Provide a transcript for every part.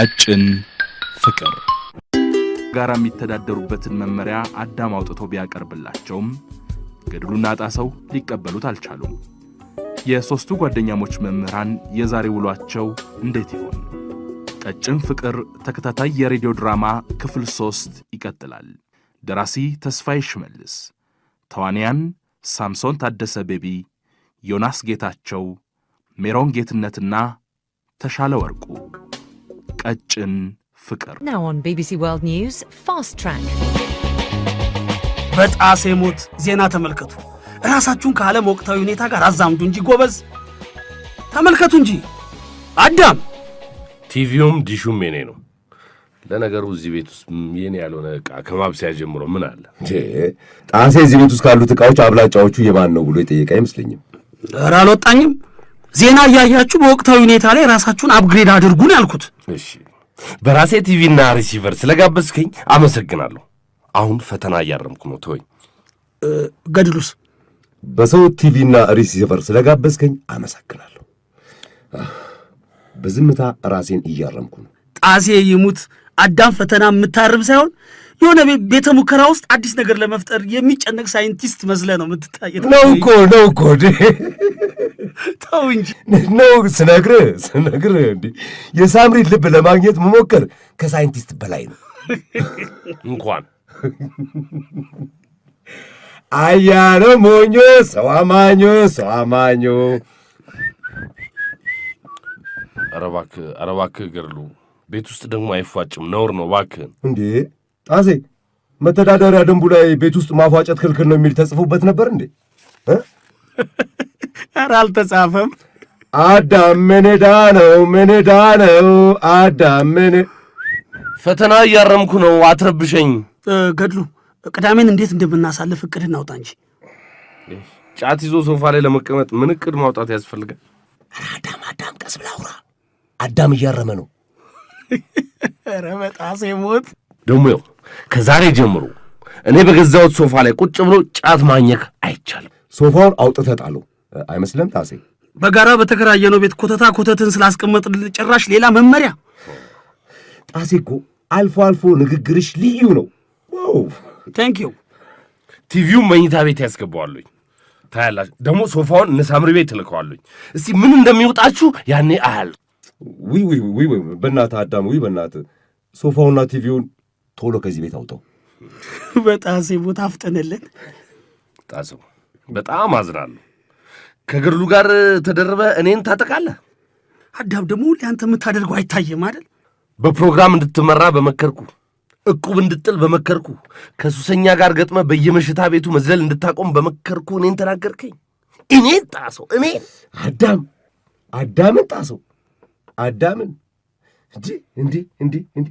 ቀጭን ፍቅር ጋራ የሚተዳደሩበትን መመሪያ አዳም አውጥቶ ቢያቀርብላቸውም ገድሉና ጣሰው ሊቀበሉት አልቻሉም። የሦስቱ ጓደኛሞች መምህራን የዛሬ ውሏቸው እንዴት ይሆን? ቀጭን ፍቅር ተከታታይ የሬዲዮ ድራማ ክፍል ሦስት ይቀጥላል። ደራሲ ተስፋዬ ሽመልስ፣ ተዋንያን ሳምሶን ታደሰ፣ ቤቢ ዮናስ፣ ጌታቸው ሜሮን፣ ጌትነትና ተሻለ ወርቁ ቀጭን ፍቅር በጣሴ ሞት ዜና ተመልከቱ። ራሳችሁን ከዓለም ወቅታዊ ሁኔታ ጋር አዛምዱ እንጂ ጎበዝ፣ ተመልከቱ እንጂ አዳም። ቲቪውም ዲሹም የኔ ነው። ለነገሩ እዚህ ቤት ውስጥ የኔ ያልሆነ እቃ ከማብሰያ ጀምሮ ምን አለ? ጣሴ እዚህ ቤት ውስጥ ካሉት እቃዎች አብላጫዎቹ የማን ነው ብሎ የጠየቀ አይመስለኝም። ኧረ አልወጣኝም ዜና እያያችሁ በወቅታዊ ሁኔታ ላይ ራሳችሁን አፕግሬድ አድርጉን ያልኩት። ያልኩት። በራሴ ቲቪና ሪሲቨር ስለጋበዝከኝ አመሰግናለሁ። አሁን ፈተና እያረምኩ ነው። ተወኝ። ገድሉስ? በሰው ቲቪና ሪሲቨር ስለጋበዝከኝ አመሰግናለሁ። በዝምታ ራሴን እያረምኩ ነው። ጣሴ ይሙት አዳም ፈተና የምታርም ሳይሆን የሆነ ቤተ ሙከራ ውስጥ አዲስ ነገር ለመፍጠር የሚጨነቅ ሳይንቲስት መስለ ነው የምትታየት። ነው እኮ ነው እኮ ተው እንጂ ነው ስነግር ስነግር እንዲ የሳምሪን ልብ ለማግኘት መሞከር ከሳይንቲስት በላይ ነው። እንኳን አያለ ሞኞ ሰው አማኞ ሰው አማኞ። አረባክ አረባክ ገርሉ ቤት ውስጥ ደግሞ አይፏጭም፣ ነውር ነው። እባክህ እንዴ ጣሴ፣ መተዳደሪያ ደንቡ ላይ ቤት ውስጥ ማፏጨት ክልክል ነው የሚል ተጽፎበት ነበር እንዴ? ኧረ አልተጻፈም። አዳም ምን ዕዳ ነው? ምን ዕዳ ነው? አዳም ምን ፈተና እያረምኩ ነው። አትረብሸኝ ገድሉ። ቅዳሜን እንዴት እንደምናሳልፍ እቅድ እናውጣ እንጂ ጫት ይዞ ሶፋ ላይ ለመቀመጥ ምን እቅድ ማውጣት ያስፈልጋል? አዳም አዳም፣ ቀስ ብላ አውራ። አዳም እያረመ ነው። ኧረ በጣሴ ሞት ደግሞ ያው ከዛሬ ጀምሮ እኔ በገዛሁት ሶፋ ላይ ቁጭ ብሎ ጫት ማኘክ አይቻልም። ሶፋውን አውጥተህ ጣለው። አይመስልም ታሴ? በጋራ በተከራየነው ቤት ኮተታ ኮተትን ስላስቀመጥ ጭራሽ ሌላ መመሪያ። ጣሴ እኮ አልፎ አልፎ ንግግርሽ ልዩ ነው። ዩ። ቲቪውን መኝታ ቤት ያስገባዋለኝ ታያላችሁ። ደግሞ ሶፋውን እነ ቤት ትልከዋለኝ። እስቲ ምን እንደሚወጣችሁ ያኔ አያል። ውይ አዳም፣ ዊ በእናትህ ሶፋውና ቲቪውን ቶሎ ከዚህ ቤት አውጠው። በጣሴ ቦታ አፍጠነለን። ጣሴው በጣም አዝናለሁ። ከግርሉ ጋር ተደርበ እኔን ታጠቃለህ? አዳም ደግሞ ለአንተ አንተ የምታደርገው አይታየም አይደል? በፕሮግራም እንድትመራ በመከርኩ፣ እቁብ እንድጥል በመከርኩ፣ ከሱሰኛ ጋር ገጥመ በየመሽታ ቤቱ መዝለል እንድታቆም በመከርኩ እኔን ተናገርከኝ። እኔን ጣሰው፣ እኔን አዳም አዳምን ጣሰው፣ አዳምን እንዲ እንዲ እንዲ እንዲ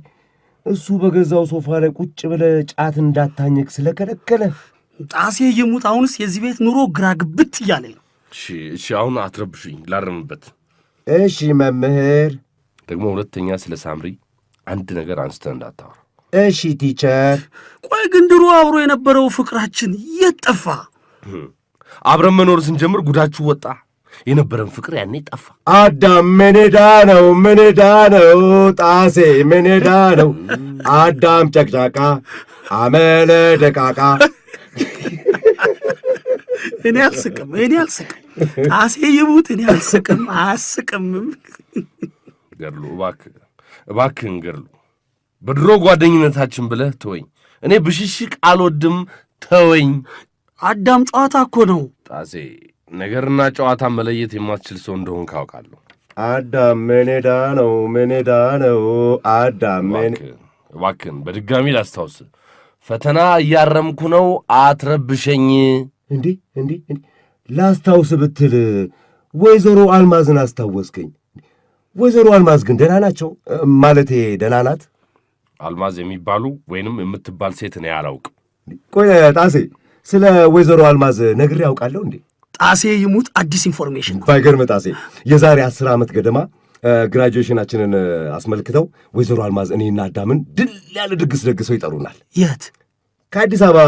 እሱ በገዛው ሶፋ ላይ ቁጭ ብለ ጫት እንዳታኘክ ስለከለከለ ጣሴ የሙት አሁንስ የዚህ ቤት ኑሮ ግራ ግብት እያለኝ ነው። እሺ አሁን አትረብሹኝ ላርምበት። እሺ መምህር። ደግሞ ሁለተኛ ስለ ሳምሪ አንድ ነገር አንስተ እንዳታወራ። እሺ ቲቸር። ቆይ ግን ድሮ አብሮ የነበረው ፍቅራችን የት ጠፋ? አብረን መኖር ስንጀምር ጉዳችሁ ወጣ። የነበረን ፍቅር ያኔ ጠፋ። አዳም ምንዳ ነው? ምንዳ ነው? ጣሴ ምንዳ ነው? አዳም ጨቅጫቃ፣ አመለ ደቃቃ እኔ አልስቅም፣ እኔ አልስቅም፣ ጣሴ ይሙት እኔ አልስቅም፣ አያስቅምም። ገድሉ እባክህ እባክህን ገድሉ፣ በድሮ ጓደኝነታችን ብለህ ተወኝ። እኔ ብሽሽቅ አልወድም፣ ተወኝ። አዳም ጨዋታ እኮ ነው። ጣሴ ነገርና ጨዋታ መለየት የማትችል ሰው እንደሆን ካውቃለሁ። አዳም ሜኔዳ ነው፣ ሜኔዳ ነው። አዳም እባክን በድጋሚ ላስታውስ፣ ፈተና እያረምኩ ነው፣ አትረብሸኝ። እንዴ እንዴ ላስታውስ ብትል ወይዘሮ አልማዝን አስታወስከኝ። ወይዘሮ አልማዝ ግን ደህና ናቸው? ማለቴ ደህና ናት? አልማዝ የሚባሉ ወይንም የምትባል ሴት እኔ አላውቅም። ቆይ ጣሴ፣ ስለ ወይዘሮ አልማዝ ነግሬ ያውቃለሁ እንዴ? ጣሴ ይሙት አዲስ ኢንፎርሜሽን ባይገርም ጣሴ፣ የዛሬ አስር ዓመት ገደማ ግራጁዌሽናችንን አስመልክተው ወይዘሮ አልማዝ እኔና አዳምን ድል ያለ ድግስ ደግሰው ይጠሩናል። የት ከአዲስ አበባ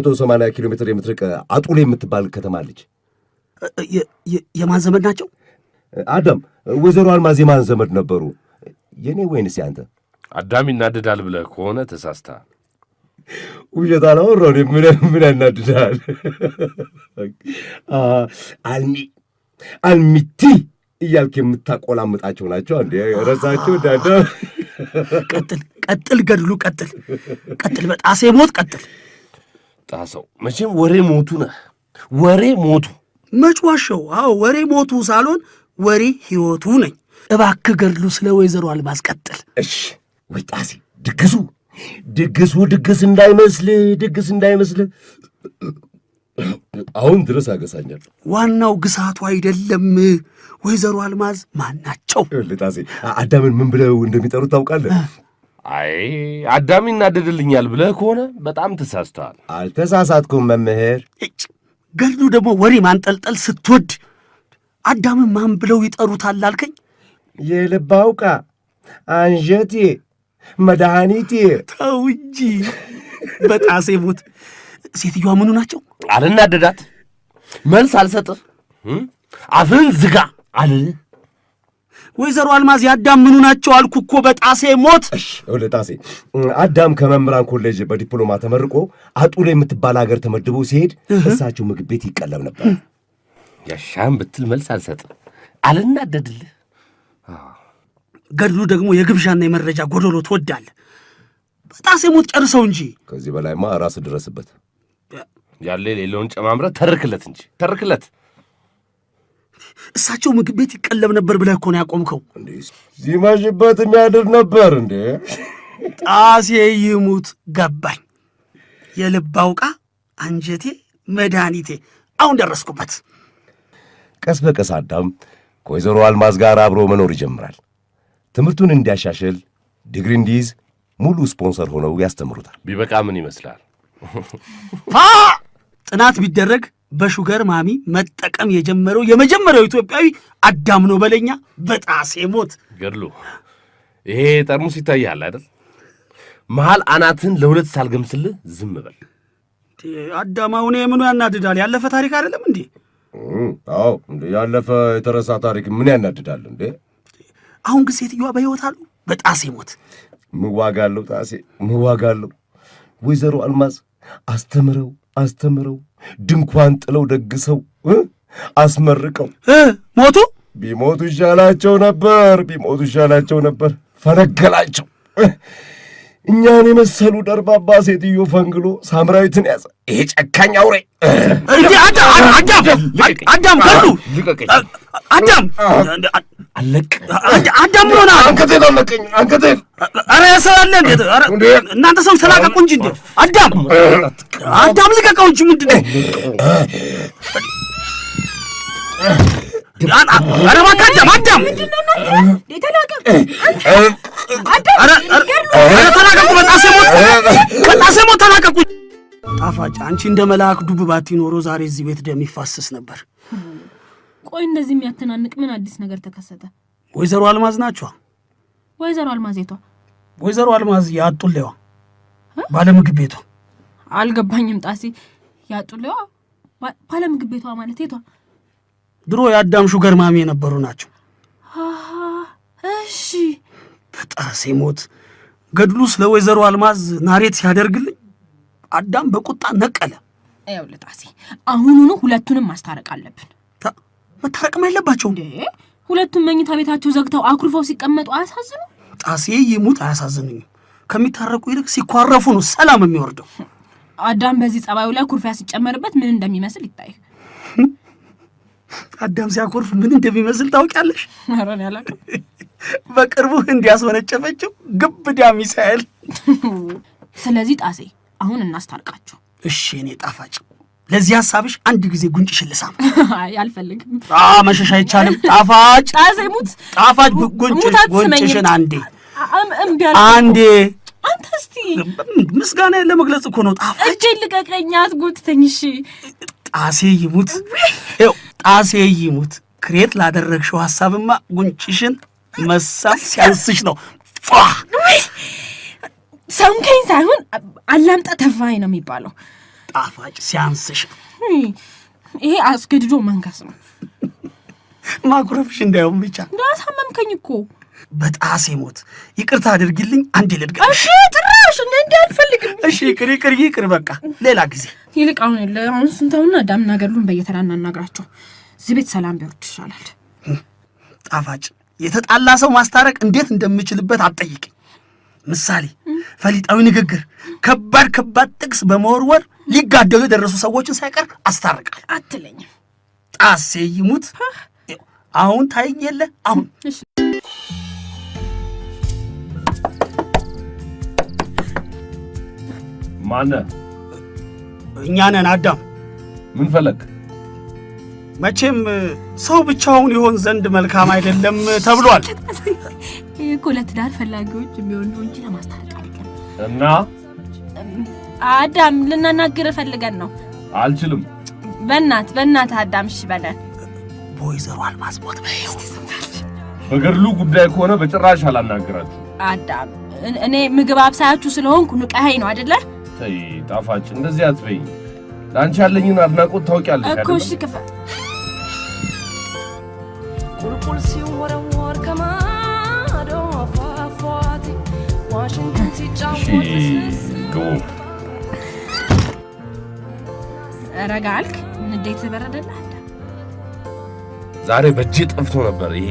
180 ኪሎ ሜትር የምትርቅ አጡል የምትባል ከተማ አለች። የማን ዘመድ ናቸው? አዳም ወይዘሮ አልማዝ የማን ዘመድ ነበሩ? የእኔ ወይንስ ያንተ? አዳም ይናደዳል ብለህ ከሆነ ተሳስታ ውሸት አላወራሁም። ምን ምን ያናድዳል? አልሚ አልሚቲ እያልክ የምታቆላምጣቸው ናቸው። እንዲ ረሳቸው? ዳዳ ቀጥል ቀጥል፣ ገድሉ ቀጥል፣ ቀጥል፣ በጣሴ ሞት ቀጥል። ጣሰው መቼም ወሬ ሞቱ ነህ። ወሬ ሞቱ መች አዎ ወሬ ሞቱ ሳልሆን ወሬ ህይወቱ ነኝ። እባክህ ገድሉ ስለ ወይዘሮ አልማዝ ቀጥል። እሺ ወይ ጣሴ ድግሱ ድግሱ ድግስ እንዳይመስል ድግስ እንዳይመስል አሁን ድረስ አገሳኛል። ዋናው ግሳቱ አይደለም። ወይዘሮ አልማዝ ማን ናቸው? ልጣሴ አዳምን ምን ብለው እንደሚጠሩት ታውቃለህ? አይ አዳሚ እናደድልኛል ብለህ ከሆነ በጣም ተሳስተዋል። አልተሳሳትኩም መምህር። ገልዱ ደግሞ ወሬ ማንጠልጠል ስትወድ አዳምን ማን ብለው ይጠሩታል አልከኝ? የልብ አውቃ አንጀቴ መድኃኒቴ። ተው እንጂ በጣሴ ሞት። ሴትዮዋ ምኑ ናቸው? አልናደዳት መልስ አልሰጥህ፣ አፍን ዝጋ አልልህ ወይዘሮ አልማዝ ምኑ ናቸው አልኩ እኮ በጣሴ ሞት። እሺ ጣሴ አዳም ከመምህራን ኮሌጅ በዲፕሎማ ተመርቆ አጡል የምትባል ሀገር ተመድቦ ሲሄድ እሳቸው ምግብ ቤት ይቀለብ ነበር። ያሻም ብትል መልስ አልሰጥም። አልናደድልህ። ገድሉ ደግሞ የግብዣና የመረጃ ጎደሎ ትወዳለህ። በጣሴ ሞት ጨርሰው እንጂ ከዚህ በላይማ ራስ ድረስበት። ያለ የሌለውን ጨማምረ ተርክለት እንጂ ተርክለት እሳቸው ምግብ ቤት ይቀለብ ነበር ብለህ እኮ ነው ያቆምከው። ሲመሽበት የሚያድር ነበር እንዴ? ጣሴ ይሙት ገባኝ። የልብ አውቃ አንጀቴ መድኃኒቴ። አሁን ደረስኩበት። ቀስ በቀስ አዳም ከወይዘሮ አልማዝ ጋር አብሮ መኖር ይጀምራል። ትምህርቱን እንዲያሻሽል ዲግሪ እንዲይዝ ሙሉ ስፖንሰር ሆነው ያስተምሩታል። ቢበቃ ምን ይመስላል? ጥናት ቢደረግ በሹገር ማሚ መጠቀም የጀመረው የመጀመሪያው ኢትዮጵያዊ አዳም ነው በለኛ። በጣሴ ሞት ገድሉ ይሄ ጠርሙስ ይታያል አይደል? መሀል አናትን ለሁለት ሳልገምስልህ ዝም በል አዳም። አሁን የምኑ ያናድዳል? ያለፈ ታሪክ አይደለም እንዴ? አዎ እንዴ፣ ያለፈ የተረሳ ታሪክ ምን ያናድዳል እንዴ? አሁን ግን ሴትዮዋ በህይወት አሉ። በጣሴ ሞት ምዋጋለሁ፣ ጣሴ ምዋጋለሁ። ወይዘሮ አልማዝ አስተምረው አስተምረው ድንኳን ጥለው ደግሰው አስመርቀው ሞቱ። ቢሞቱ ይሻላቸው ነበር፣ ቢሞቱ ይሻላቸው ነበር። ፈነገላቸው። እኛን የመሰሉ ደርባባ ሴትዮ ፈንግሎ ሳምራዊትን ያዘ። ይሄ ጨካኝ አውሬ እንዲህ አዳም አዳም አዳም ከሉ አዳም አለቅ አዳምሮና አንከቴን አለቀኝ። አንከቴን አረ ሰው እናንተ ሰው ተላቀቁ እንጂ እንዴ! አዳም አዳም ልቀቀው እንጂ ነው? አረ እባክህ አዳም አዳም አረ ተላቀቁ። በጣሴ ሞት በጣሴ ሞት ተላቀቁ። ጣፋጭ አንቺ እንደ መልአክ ዱብ ባትኖሮ ዛሬ እዚህ ቤት ደም ነበር። ቆይ እንደዚህ የሚያተናንቅ ምን አዲስ ነገር ተከሰተ? ወይዘሮ አልማዝ ናቸዋ። ወይዘሮ አልማዝ የቷ? ወይዘሮ አልማዝ የአጡሌዋ ባለምግብ ቤቷ። አልገባኝም ጣሴ። የአጡሌዋ ባለምግብ ቤቷ ማለት የቷ? ድሮ ሹገር ማሚ የነበሩ ናቸው። እሺ። በጣሴ ሞት ገድሉ ስለ ወይዘሮ አልማዝ ናሬት ሲያደርግልኝ አዳም በቁጣ ነቀለ። ያው ጣሴ፣ አሁኑኑ ሁለቱንም ማስታረቅ አለብን። መታረቅም አይለባቸውም። ሁለቱም መኝታ ቤታቸው ዘግተው አኩርፈው ሲቀመጡ አያሳዝኑ? ጣሴ ይሙት አያሳዝኑኝም። ከሚታረቁ ይልቅ ሲኳረፉ ነው ሰላም የሚወርደው። አዳም በዚህ ጸባዩ ላይ ኩርፊያ ሲጨመርበት ምን እንደሚመስል ይታይ። አዳም ሲያኮርፍ ምን እንደሚመስል ታውቂያለሽ? ረን አላውቅም። በቅርቡ እንዲያስወነጨፈችው ግብዳ ሚሳኤል። ስለዚህ ጣሴ አሁን እናስታርቃችሁ እሺ? እኔ ጣፋጭ ለዚህ ሀሳብሽ አንድ ጊዜ ጉንጭሽን ልሳም። አልፈልግም። መሸሻ አይቻልም። ጣፋጭ ጣፋጭ ጉንጭሽን አንዴ አንዴ አንተ እስቲ ምስጋና መግለጽ እኮ ነው። ጣፋጭ እጄን ልቀቀኝ፣ አትጎትተኝ። እሺ ጣሴ ይሙት፣ ጣሴ ይሙት። ክሬት ላደረግሽው ሀሳብማ ጉንጭሽን መሳም ሲያንስሽ ነው። ሰውንከኝ ሳይሆን አላምጣ ተፋኝ ነው የሚባለው። ጣፋጭ ሲያንስሽ ነው። ይሄ አስገድዶ መንከስ ነው። ማኩረፍሽ እንዳይሆን ብቻ እንዳሳመምከኝ እኮ በጣሴ ሞት ይቅርታ አድርግልኝ። አንዴ ልድጋ። እሺ ጥራሽ እንደ እንዲ አልፈልግም። እሺ ይቅር ይቅር ይቅር፣ በቃ ሌላ ጊዜ። ይልቅ አሁን የለ አሁን ስንታውና ዳምና ገድሉን በየተራ እናናግራቸው። እዚህ ቤት ሰላም ቢወርድ ይሻላል። ጣፋጭ የተጣላ ሰው ማስታረቅ እንዴት እንደምችልበት አትጠይቅኝ። ምሳሌ፣ ፈሊጣዊ ንግግር፣ ከባድ ከባድ ጥቅስ በመወርወር ሊጋደሉ የደረሱ ሰዎችን ሳይቀር አስታርቃል። አትለኝም ጣሴ ይሙት አሁን ታይኝ የለ አሁን ማነ? እኛ ነን። አዳም ምን ፈለግ? መቼም ሰው ብቻውን ይሆን ዘንድ መልካም አይደለም ተብሏል። ይህ እኮ ለትዳር ፈላጊዎች የሚሆን እንጂ ለማስታረቅ አይደለም እና አዳም ልናናግር ፈልገን ነው። አልችልም። በእናት በእናት አዳም እሺ በለን። በወይዘሮ አልማዝ ሞት በገድሉ ጉዳይ ከሆነ በጭራሽ አላናግራችሁ። አዳም እኔ ምግብ አብሳያችሁ ስለሆንኩ ንቀኸኝ ነው አይደለ? ተይ ጣፋጭ፣ እንደዚህ አትበይ። ለአንቺ ያለኝን አድናቆት ታውቂያለሽ እኮ። እሺ ክፈል ረጋ አልክ? ንዴት በረደልህ? ዛሬ በእጅ ጠፍቶ ነበር። ይሄ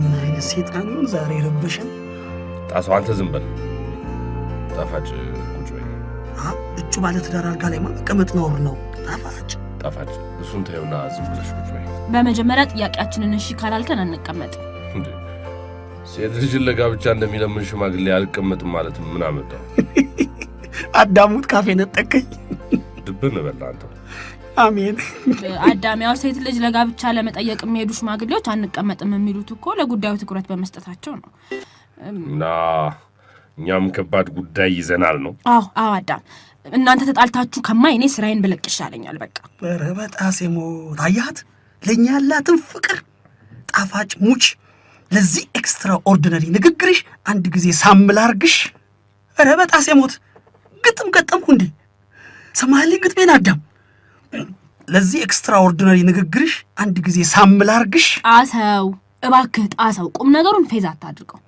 ምን አይነት ሴጣን ነው? ዛሬ ረበሸን። ጣሶ አንተ ዝም በል ጣፋጭ ቁጭ በይ። እጩ ባለ ትዳር አልጋ ላይ መቀመጥ ነውር ነው። ጣፋጭ ጣፋጭ፣ እሱን ተይውና ዝም ብለሽ ቁጭ በይ። በመጀመሪያ ጥያቄያችንን እሺ ካላልከን አንቀመጥ። ሴት ልጅን ለጋብቻ እንደሚለምን ሽማግሌ አልቀመጥም ማለት ምን አመጣው? አዳሙት ካፌ ነጠቀኝ። ድብን በላንተ አሜን። አዳም ያው ሴት ልጅ ለጋብቻ ለመጠየቅ የሚሄዱ ሽማግሌዎች አንቀመጥም የሚሉት እኮ ለጉዳዩ ትኩረት በመስጠታቸው ነው። ና እኛም ከባድ ጉዳይ ይዘናል ነው። አዎ አዎ። አዳም እናንተ ተጣልታችሁ ከማ እኔ ስራዬን ብለቅ ይሻለኛል። በቃ ረበጣ ሴሞ ታያት ለእኛ ያላትን ፍቅር ጣፋጭ ሙች ለዚህ ኤክስትራ ኦርዲነሪ ንግግርሽ አንድ ጊዜ ሳምላርግሽ። ረበጣ ሴሞት ግጥም ገጠምኩ እንዴ ሰማህልኝ? ግጥሜን አዳም ለዚህ ኤክስትራኦርዲነሪ ንግግርሽ አንድ ጊዜ ሳምላ አርግሽ። ጣሰው እባክህ ጣሰው፣ ቁም ነገሩን ፌዝ አታድርገው።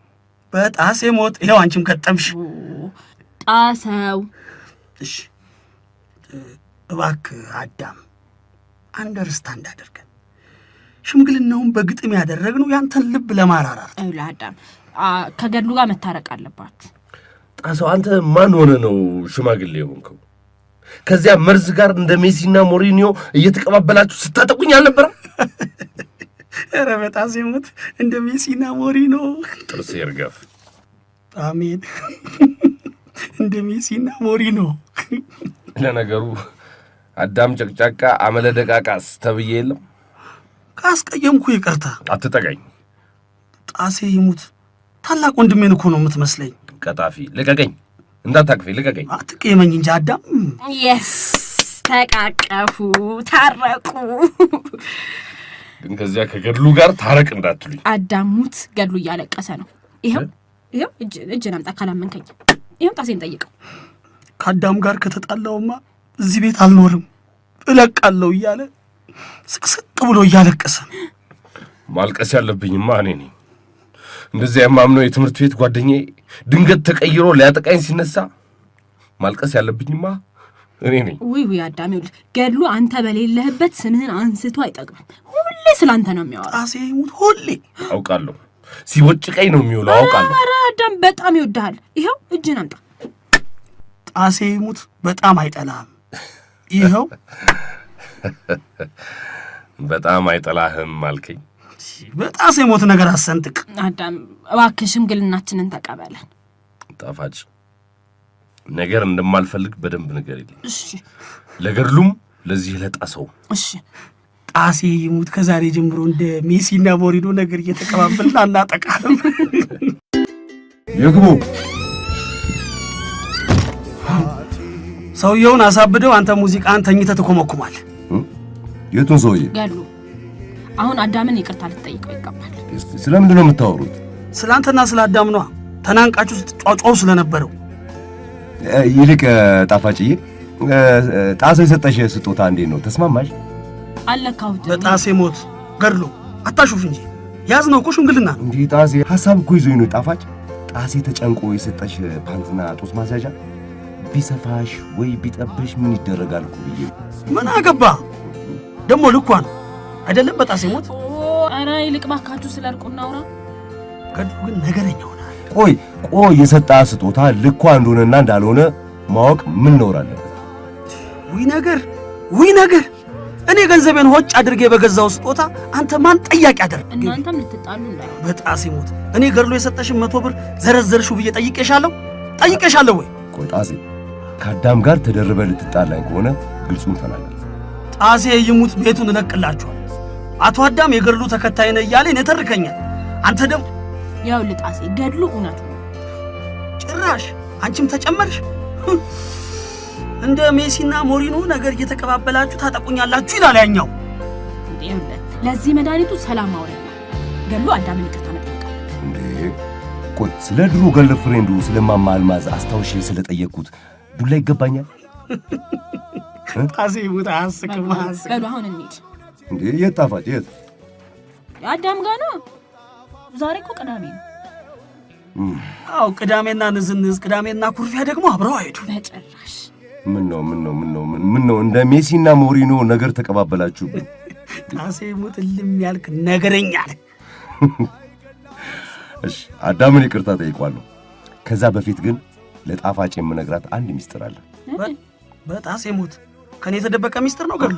በጣሴ ሞት ይኸው አንቺም ከጠምሽ ጣሰው እሺ፣ እባክህ አዳም አንደርስታንድ አድርገን ሽምግልናውን በግጥም ያደረግነው ያንተን ልብ ለማራራት። አዳም ከገድሉ ጋር መታረቅ አለባችሁ። ጣሰው አንተ ማን ሆነ ነው ሽማግሌ የሆንከው? ከዚያ መርዝ ጋር እንደ ሜሲና ሞሪኒዮ እየተቀባበላችሁ ስታጠቁኝ አልነበረም? ኧረ በጣም ሲሙት እንደ ሜሲና ሞሪኖ ጥርስ ይርገፍ። አሜን። እንደ ሜሲና ሞሪኖ። ለነገሩ አዳም ጨቅጫቃ አመለ ደቃቃስ ተብዬ የለም። ካስቀየምኩ ይቅርታ። አትጠቀኝ። ጣሴ ይሙት ታላቅ ወንድሜን እኮ ነው የምትመስለኝ። ቀጣፊ ልቀቀኝ። እንዳታቅፊ ልቀቀኝ። አትቀየመኝ እንጂ አዳም። የስ ተቃቀፉ፣ ታረቁ። ግን ከዚያ ከገድሉ ጋር ታረቅ እንዳትሉኝ። አዳሙት ገድሉ እያለቀሰ ነው። ይኸው ይኸው፣ እጅን አምጣ ካላመንከኝ፣ ይኸው ጣሴን ጠይቀው። ከአዳም ጋር ከተጣላውማ እዚህ ቤት አልኖርም እለቃለሁ እያለ ስቅስቅ ብሎ እያለቀሰ ነው። ማልቀስ ያለብኝማ እኔ ነኝ። እንደዚያ የማምነው የትምህርት ቤት ጓደኛዬ ድንገት ተቀይሮ ሊያጠቃኝ ሲነሳ ማልቀስ ያለብኝማ እኔ ነኝ። ውይ ውይ አዳሚ ውልድ ገድሉ አንተ በሌለህበት ስምህን አንስቶ አይጠቅምም። ሁሌ ስለ አንተ ነው የሚያወራ። ጣሴ ይሙት ሁሌ አውቃለሁ። ሲቦጭቀኝ ነው የሚውለው አውቃለሁ። ኧረ አዳም በጣም ይወድሃል። ይኸው እጅን አምጣ። ጣሴ ይሙት በጣም አይጠላህም። ይኸው በጣም አይጠላህም አልከኝ። በጣስ የሞት ነገር አሰንጥቅ። አዳም እባክህ ሽምግልናችንን ተቀበለን። ጣፋጭ ነገር እንደማልፈልግ በደንብ ነገር የለም። ለገድሉም ለዚህ ለጣሰው እሺ ጣሴ ይሙት። ከዛሬ ጀምሮ እንደ ሜሲና ሞሪኖ ነገር እየተቀባበልን አናጠቃለም። ይግቡ። ሰውየውን አሳብደው። አንተ ሙዚቃን ተኝተህ ትኮመኩማል። የቱን ሰውዬ ገድሉ አሁን አዳምን ይቅርታ ልትጠይቀው ይገባል። ስለምንድን ነው የምታወሩት? ስለ አንተና ስለ አዳም ነዋ። ተናንቃችሁ ስትጫጫው ስለነበረው። ይልቅ ጣፋጭዬ፣ ጣሴ የሰጠሽ ስጦታ እንዴት ነው ተስማማሽ? አለካሁት። በጣሴ ሞት ገድሎ አታሹፍ እንጂ ያዝ ነው እኮ ሽምግልና ነው። እንዲህ ጣሴ ሀሳብ እኮ ይዞኝ ነው ጣፋጭ። ጣሴ ተጨንቆ የሰጠሽ ፓንትና ጦስ ማስያዣ ቢሰፋሽ ወይ ቢጠበሽ ምን ይደረጋል እኮ ብዬ። ምን አገባ ደግሞ ልኳን አይደለም በጣም ሲሞት። ኧረ ይልቅ እባካችሁ ስለ እርቁ እናውራ። ገድሉ ግን ነገረኛ ሆናል። ቆይ ቆይ የሰጣ ስጦታ ልኳ እንደሆነና እንዳልሆነ ማወቅ ምን ነውር አለበት? ውይ ነገር ውይ ነገር እኔ ገንዘቤን ሆጭ አድርጌ በገዛው ስጦታ አንተ ማን ጠያቂ አደርግ? እናንተም ልትጣሉ እንዳይሆን በጣም ሲሞት። እኔ ገድሉ የሰጠሽን መቶ ብር ዘረዘርሽው ብዬ ጠይቄሻለሁ ጠይቄሻለሁ ወይ? ቆይ ጣሴ ከአዳም ጋር ተደርበ ልትጣላኝ ከሆነ ግልጹን ተናገር። ጣሴ ይሙት ቤቱን እለቅላችኋል። አቶ አዳም የገድሉ ተከታይ ነህ እያለኝ የተርከኛል። አንተ ደግሞ ያው ልጣሴ ገድሉ እውነቱ ጭራሽ አንቺም ተጨመርሽ። እንደ ሜሲና ሞሪኖ ነገር እየተቀባበላችሁ ታጠቁኛላችሁ ይላል ያኛው። ለዚህ መድኃኒቱ ሰላም ማውሪያ ገድሉ አዳምን ይቅርታ ቆይ ስለ ድሮ ገርል ፍሬንዱ ስለ እማማ አልማዝ አስታውሼ ስለጠየቅኩት ዱላ ይገባኛል። ጣሴ ቦታ አስቅም አሁን እንሂድ እንዴ የት ጣፋጭ የት አዳም ጋ ነው ዛሬ እኮ ቅዳሜ ነው አው ቅዳሜና ንዝንዝ ቅዳሜና ኩርፊያ ደግሞ አብረው አይዱ በጭራሽ ምን ነው ምን ነው ምን ነው ምን ነው እንደ ሜሲና ሞሪኖ ነገር ተቀባበላችሁብኝ ጣሴ ሙትልም ያልክ ነገረኛ እሺ አዳምን ይቅርታ ጠይቋለሁ ከዛ በፊት ግን ለጣፋጭ የምነግራት አንድ ሚስጥር አለ በጣሴ ሙት ከኔ የተደበቀ ሚስጥር ነው ገሉ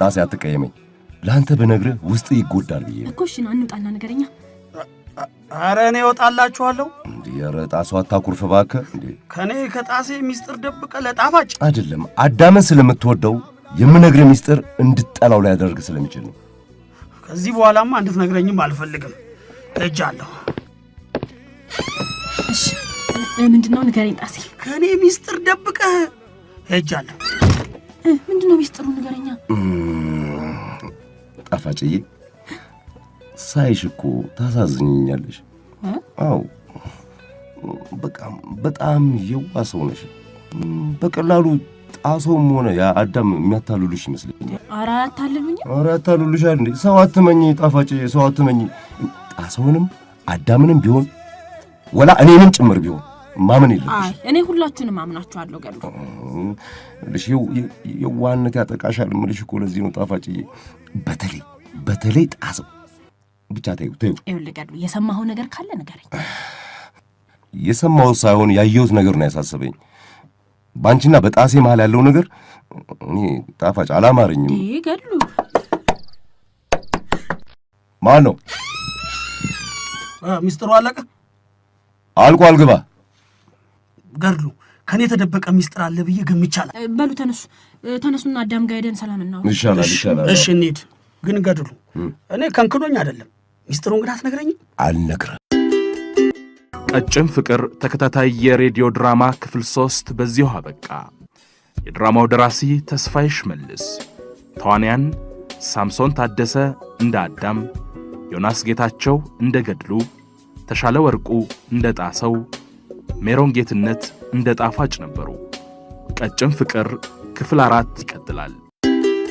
ጣሴ አትቀየመኝ ለአንተ በነግርህ ውስጥ ይጎዳል ብዬ እኮ። እሺ ነው እንውጣና ነገረኛ። አረ እኔ እወጣላችኋለሁ። እንዲህ ኧረ ጣሷ አታኩርፍ እባክህ። እንዴ ከእኔ ከጣሴ ሚስጥር ደብቀ ለጣፋጭ አይደለም አዳመን ስለምትወደው የምነግርህ ሚስጥር እንድጠላው ሊያደርግ ስለሚችል ነው። ከዚህ በኋላማ እንድትነግረኝም አልፈልግም። እጃለሁ። እሺ ምንድነው ንገረኝ ጣሴ። ከእኔ ሚስጥር ደብቀህ እጃለሁ። ምንድነው ሚስጥሩ ንገረኛ። ጣፋጭዬ ሳይሽ እኮ ታሳዝኝኛለሽ። አዎ በቃ በጣም የዋ ሰው ነሽ። በቀላሉ ጣሰውም ሆነ ያ አዳም የሚያታልሉሽ ይመስለኛል። ኧረ አታልሉኛል፣ ኧረ አታልሉሻል እንዴ! ሰው አትመኝ ጣፋጭዬ፣ ሰው አትመኝ። ጣሶንም አዳምንም ቢሆን ወላ እኔንም ጭምር ቢሆን ማመን የለብሽ። እኔ ሁላችሁንም አምናችኋለሁ። ገሉ ልሽ የዋነት ያጠቃሻል ምልሽ እኮ ለዚህ ነው ጣፋጭዬ፣ በተለይ በተለይ ጣሰው ብቻ ተይው ተይው። ይኸውልህ ገሉ የሰማኸው ነገር ካለ ንገረኝ። የሰማሁት ሳይሆን ያየሁት ነገር ነው ያሳሰበኝ። በአንቺና በጣሴ መሀል ያለው ነገር እኔ ጣፋጭ አላማረኝም። ገሉ ማን ነው ሚስጥሩ? አለቀ። አልቋል። ግባ ገድሉ ከኔ የተደበቀ ሚስጥር አለ ብዬ ገምቻለሁ። በሉ ተነሱ፣ ተነሱና አዳም ጋር ሄደን ሰላም እናወራለን። ይሻላል፣ ይሻላል። እሺ እንሂድ። ግን ገድሉ እኔ ከንክዶኝ አይደለም፣ ሚስጥሩን ግን አትነግረኝም? አልነግረም። ቀጭን ፍቅር ተከታታይ የሬዲዮ ድራማ ክፍል ሶስት በዚሁ አበቃ። የድራማው ደራሲ ተስፋዬ ሽመልስ፣ ተዋንያን ሳምሶን ታደሰ እንደ አዳም፣ ዮናስ ጌታቸው እንደ ገድሉ፣ ተሻለ ወርቁ እንደ ጣሰው ሜሮን ጌትነት እንደ ጣፋጭ ነበሩ። ቀጭን ፍቅር ክፍል አራት ይቀጥላል።